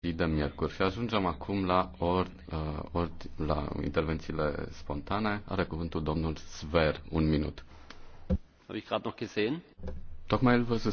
de miercuri și ajungem acum la, or, uh, or, la intervențiile spontane. Are cuvântul domnul Sver, un minut. Tocmai îl văzut